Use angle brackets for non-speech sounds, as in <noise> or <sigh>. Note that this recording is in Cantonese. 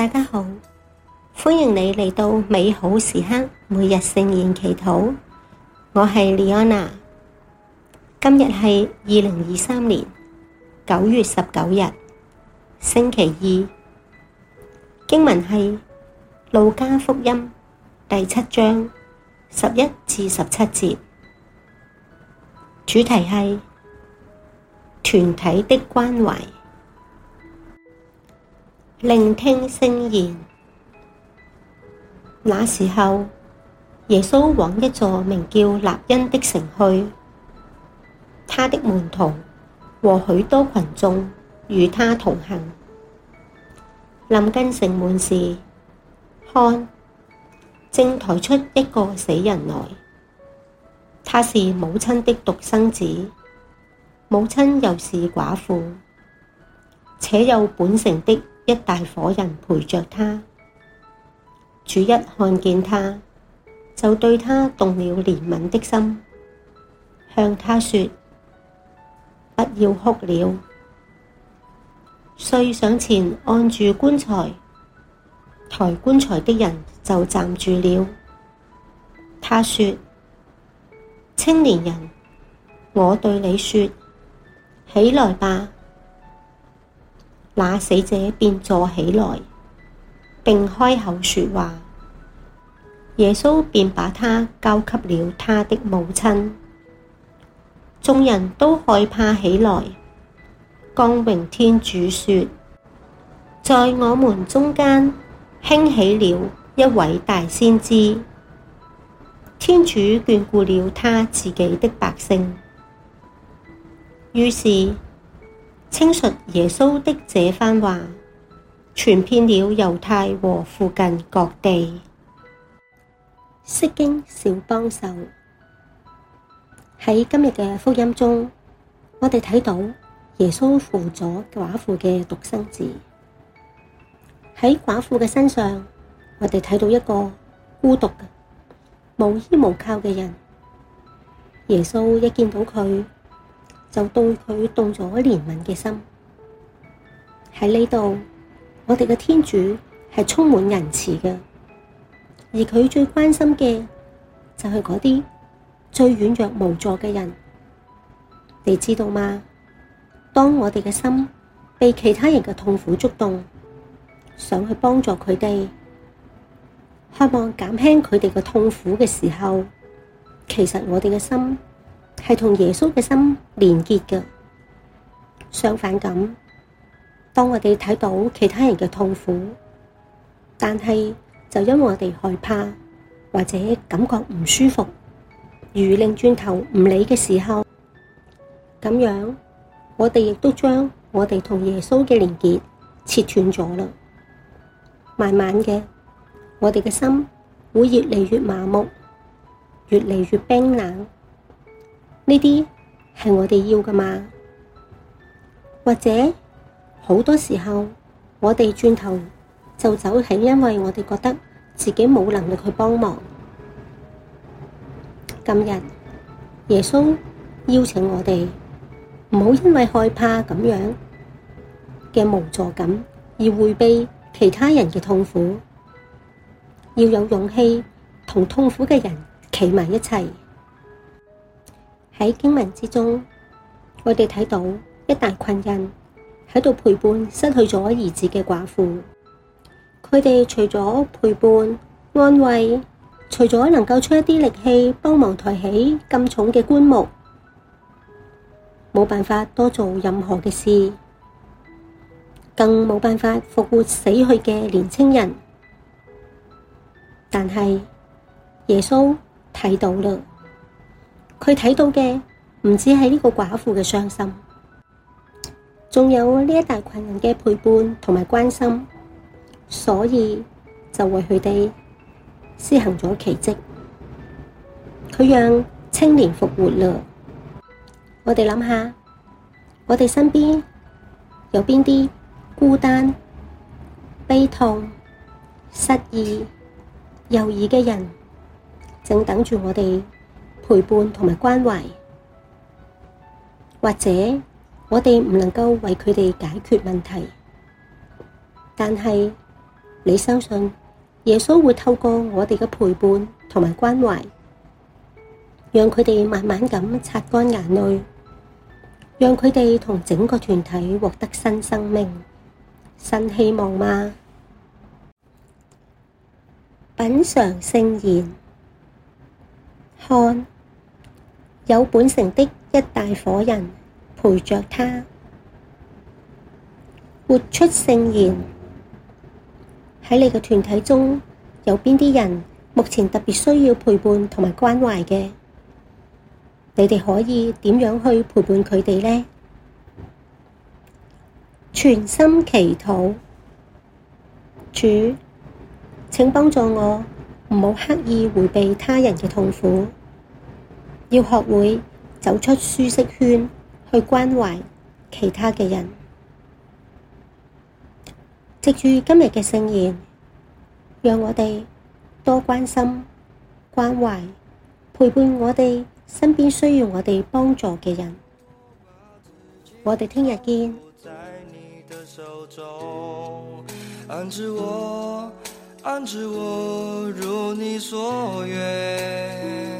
大家好，歡迎你嚟到美好時刻每日聖言祈禱。我係李安娜，今日係二零二三年九月十九日，星期二。經文係《路加福音》第七章十一至十七節，主題係團體的關懷。聆聽聖言。那時候，耶穌往一座名叫納因的城去，他的門徒和許多群眾與他同行。臨近城門時，看，正抬出一個死人來，他是母親的獨生子，母親又是寡婦，且有本城的一大伙人陪着他，主一看見他，就對他動了憐憫的心，向他說：不要哭了。遂上前按住棺材，抬棺材的人就站住了。他說：青年人，我對你說，起來吧。那死者便坐起來，並開口說話。耶穌便把他交給了他的母親。眾人都害怕起來，光榮天主說：在我們中間興起了一位大先知，天主眷顧了他自己的百姓。於是，稱述耶穌的這番話，傳遍了猶太和附近各地。《釋經》小幫手喺今日嘅福音中，我哋睇到耶穌扶咗寡婦嘅獨生子。喺寡婦嘅身上，我哋睇到一個孤獨嘅、無依無靠嘅人。耶穌一見到佢。就對佢動咗憐憫嘅心，喺呢度，我哋嘅天主係充滿仁慈嘅，而佢最關心嘅就係嗰啲最軟弱無助嘅人，你知道嗎？當我哋嘅心被其他人嘅痛苦觸動，想去幫助佢哋，渴望減輕佢哋嘅痛苦嘅時候，其實我哋嘅心。係同耶穌嘅心連結嘅，相反咁，當我哋睇到其他人嘅痛苦，但係就因為我哋害怕或者感覺唔舒服，如擰轉頭唔理嘅時候，咁樣我哋亦都將我哋同耶穌嘅連結切斷咗啦。慢慢嘅，我哋嘅心會越嚟越麻木，越嚟越冰冷。呢啲係我哋要㗎嘛？或者好多時候我哋轉頭就走，係因為我哋覺得自己冇能力去幫忙。今日耶穌邀請我哋，唔好因為害怕咁樣嘅無助感而回避其他人嘅痛苦，要有勇氣同痛苦嘅人企埋一齊。喺經文之中，我哋睇到一大群人喺度陪伴失去咗兒子嘅寡婦，佢哋除咗陪伴安慰，除咗能夠出一啲力氣幫忙抬起咁重嘅棺木，冇辦法多做任何嘅事，更冇辦法復活死去嘅年青人。但係耶穌睇到啦。佢睇到嘅唔止係呢個寡婦嘅傷心，仲有呢一大群人嘅陪伴同埋關心，所以就為佢哋施行咗奇蹟。佢讓青年復活啦！我哋諗下，我哋身邊有邊啲孤單、悲痛、失意、猶豫嘅人，正等住我哋，陪伴同埋關懷，或者我哋唔能夠為佢哋解決問題，但係你相信耶穌會透過我哋嘅陪伴同埋關懷，讓佢哋慢慢咁擦乾眼淚，讓佢哋同整個團體獲得新生命、新希望嗎？品嘗聖言，看。有本城的一大伙人陪着他，活出聖言。喺你嘅團體中有邊啲人目前特別需要陪伴同埋關懷嘅？你哋可以點樣去陪伴佢哋呢？全心祈禱，主，請幫助我，唔好刻意回避他人嘅痛苦。要學會走出舒適圈，去關懷其他嘅人。藉住今日嘅聖言，讓我哋多關心、關懷、陪伴我哋身邊需要我哋幫助嘅人。我哋聽日見。 <music>